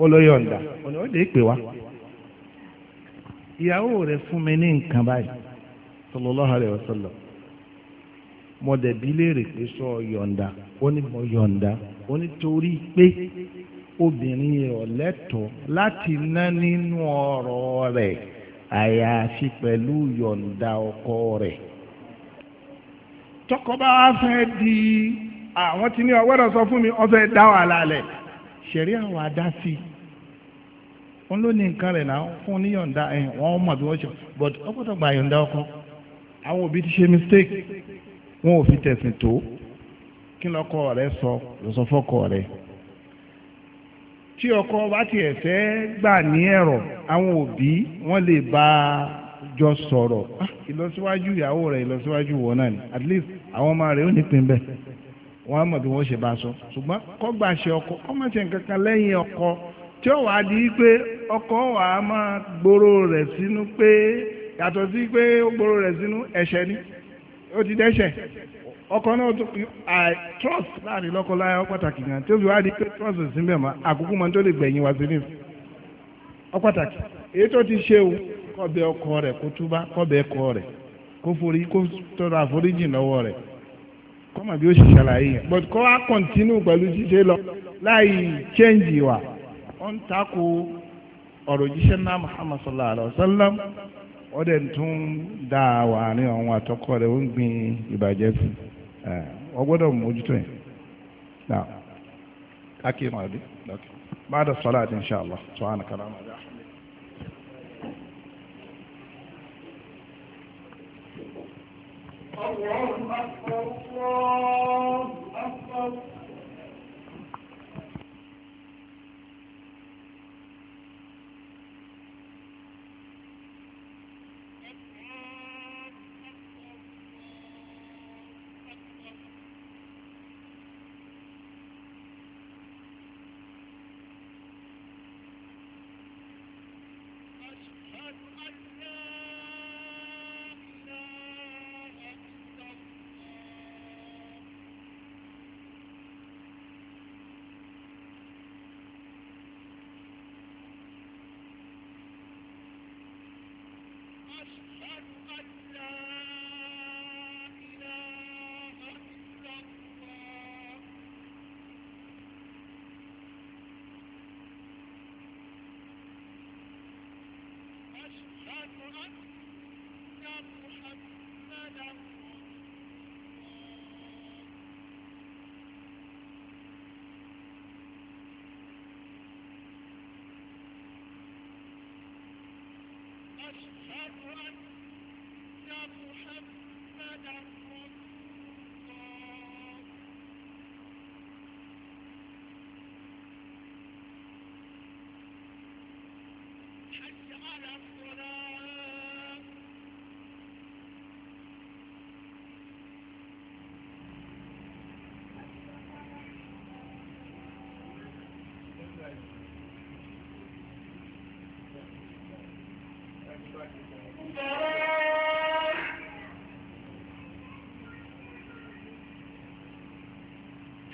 ó ló yọ̀ǹda ó ní ó lè pè wá ìyàwó rẹ̀ fún mi ní nǹkan báyìí sallallahu alaihi wasallam mo dẹ̀bi léèrè pé sọ yọ̀ǹda ó ní mo yọ̀ǹda ó ní torí pé obìnrin yẹn ò lẹ́tọ̀ọ́ láti ná nínú ọ̀rọ̀ rẹ̀ àyàfi pẹ̀lú yọ̀ǹda ọkọ rẹ̀ tọkọ bá wá fẹ́ di àwọn ah, tí ní ọwọ́dọ̀ sọ fún mi ọ fẹ́ dá wàhálà lẹ̀ ṣẹ̀rí àwọn adásí wọn ló ní nǹkan rẹ̀ náà fún níyọ̀ǹda ẹ̀ wọ́n mọ̀ bí wọ́n ṣe but ó gbọ́dọ̀ gba àyọ̀ǹda ọkọ àwọn òbí ti ṣe mistake wọn ò fi tẹ̀sìn tó kí lọ́kọ rẹ̀ sọ lọ́sọ̀fọ́kọ rẹ̀ tí ọkọ bá tiẹ̀ fẹ́ gbà ní ẹ̀rọ àwọn òbí wọ́n lè bá a jọ sọ̀rọ̀ ah, ìlọsíwájú ìyàwó rẹ̀ ìlọsíwájú wọn náà ni at least àwọn ọmọ rẹ̀ ó nípìn bẹ́ẹ̀. wọn á mọ̀ bí wọ́n ṣe bá sọ ṣùgbọ́n kọ́gbà ṣe ọkọ ọmọ ṣe nǹkan kan lẹ́yìn ọkọ tí ó wàá di pé ọkọ wà á máa gbòòrò rẹ̀ sínú pé yàtọ̀ sí pé ó gbòòrò rẹ̀ sínú ẹ̀ṣẹ̀ ni ó ti dẹ́ṣẹ̀ ọkọ náà tó i trust láàrin ó pàtàkì gan fi wá di pé trust mọ́ àkókò máa tó lè gbẹ̀yìn wá sí ní pàtàkì èyí tó ti ṣe o kọ́ ọkọ rẹ̀ kọ́mọ̀ bí ó ṣe ṣàlàyé yẹn but kọ́ á kọ́ntínú pẹ̀lú lọ láì chẹ́ǹjì wa ó ń takò ọ̀rọ̀ jíṣẹ́ sallallahu alayhi wa sallam ọ̀dẹ̀ tún dá wà ní àwọn àtọkọ rẹ̀ ó ń gbin ìbàjẹ́ fún ọ gbọ́dọ̀ mójútó yẹn náà a sọ́lá àti inṣàlá الله أكبر الله أكبر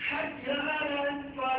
حتى أن